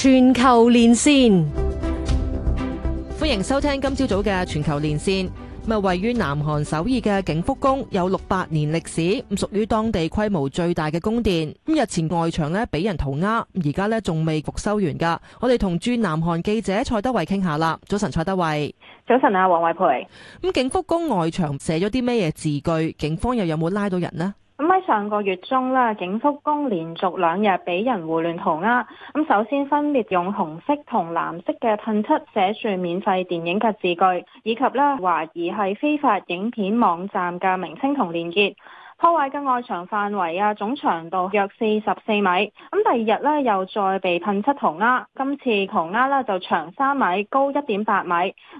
全球連線，歡迎收聽今朝早嘅全球連線。咁啊，位於南韓首爾嘅景福宮有六百年歷史，唔屬於當地規模最大嘅宮殿。咁日前外牆呢俾人塗鴉，而家呢仲未復修完噶。我哋同駐南韓記者蔡德蕙傾下啦。早晨，蔡德蕙。早晨啊，王慧蓓。咁景福宮外牆寫咗啲咩嘢字句？警方又有冇拉到人呢？咁喺上個月中啦，景福宮連續兩日俾人胡亂塗鴉。咁首先分別用紅色同藍色嘅噴漆寫住免費電影嘅字句，以及啦懷疑係非法影片網站嘅名稱同連結。破壞嘅外牆範圍啊，總長度約四十四米。咁第二日呢，又再被噴出塗鴉。今次塗鴉呢，就長三米，高一點八米。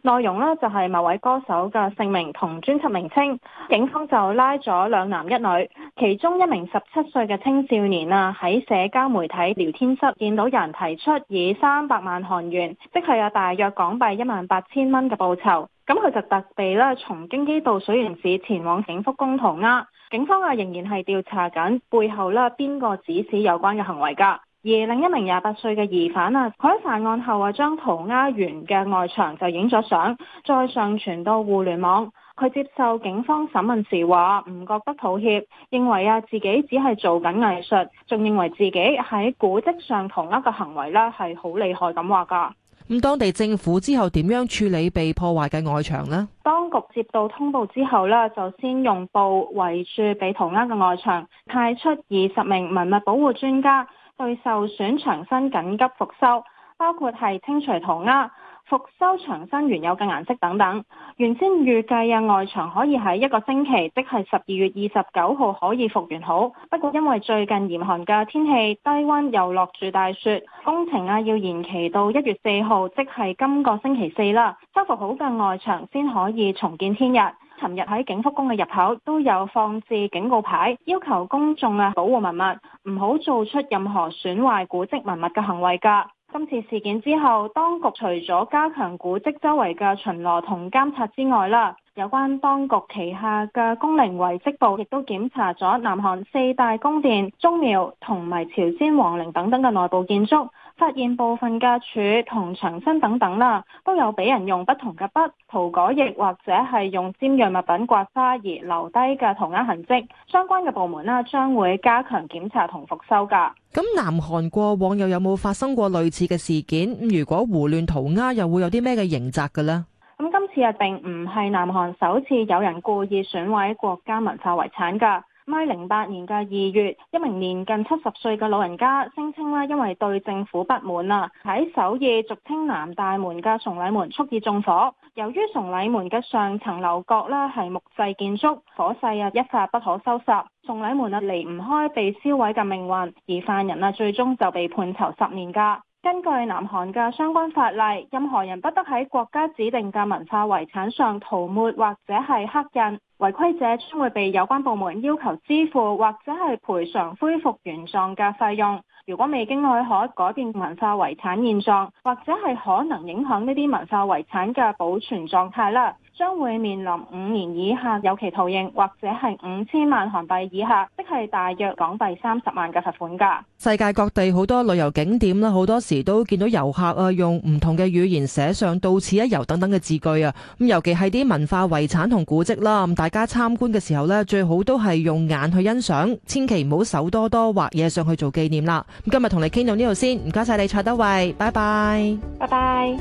內容呢，就係某位歌手嘅姓名同專輯名稱。警方就拉咗兩男一女，其中一名十七歲嘅青少年啊，喺社交媒體聊天室見到有人提出以三百萬韓元，即係有大約港幣一萬八千蚊嘅報酬，咁佢就特地呢，從京畿道水原市前往景福宮塗鴉。警方啊，仍然係調查緊背後啦，邊個指使有關嘅行為噶。而另一名廿八歲嘅疑犯啊，佢喺犯案後啊，將塗鴉完嘅外牆就影咗相，再上傳到互聯網，佢接受警方審問時話，唔覺得抱歉，認為啊自己只係做緊藝術，仲認為自己喺古蹟上塗鴉嘅行為咧，係好厲害咁話噶。咁當地政府之後點樣處理被破壞嘅外牆呢？當局接到通報之後呢，就先用布圍住被塗鴉嘅外牆，派出二十名文物保護專家對受損牆身緊急復修，包括係清除塗鴉。復修牆身原有嘅顏色等等，原先預計啊外牆可以喺一個星期，即係十二月二十九號可以復原好。不過因為最近嚴寒嘅天氣，低溫又落住大雪，工程啊要延期到一月四號，即係今個星期四啦。修復好嘅外牆先可以重見天日。尋日喺景福宮嘅入口都有放置警告牌，要求公眾啊保護文物，唔好做出任何損壞古蹟文物嘅行為㗎。今次事件之後，當局除咗加強古蹟周圍嘅巡邏同監察之外啦，有關當局旗下嘅宮陵遺跡部亦都檢查咗南韓四大宮殿、宗廟同埋朝鮮皇陵等等嘅內部建築。發現部分嘅柱同牆身等等啦，都有俾人用不同嘅筆塗改液或者係用尖銳物品刮花而留低嘅塗鴉痕跡。相關嘅部門啦，將會加強檢查同復修噶。咁南韓過往又有冇發生過類似嘅事件？如果胡亂塗鴉又會有啲咩嘅刑責嘅咧？咁今次啊並唔係南韓首次有人故意損毀國家文化遺產噶。喺零八年嘅二月，一名年近七十歲嘅老人家聲稱咧，因為對政府不滿啊，喺首夜俗稱南大門嘅崇禮門蓄意縱火。由於崇禮門嘅上層樓閣咧係木製建築，火勢啊一發不可收拾，崇禮門啊離唔開被燒毀嘅命運，而犯人啊最終就被判囚十年噶。根據南韓嘅相關法例，任何人不得喺國家指定嘅文化遺產上塗抹或者係刻印，違規者將會被有關部門要求支付或者係賠償恢復原狀嘅費用。如果未經許可改變文化遺產現狀，或者係可能影響呢啲文化遺產嘅保存狀態啦，將會面臨五年以下有期徒刑，或者係五千萬韓幣以下，即係大約港幣三十萬嘅罰款噶。世界各地好多旅遊景點啦，好多時都見到遊客啊，用唔同嘅語言寫上“到此一遊”等等嘅字句啊。咁尤其係啲文化遺產同古蹟啦，大家參觀嘅時候咧，最好都係用眼去欣賞，千祈唔好手多多畫嘢上去做紀念啦。咁今日同你傾到呢度先，唔該晒你蔡德蕙，拜拜，拜拜。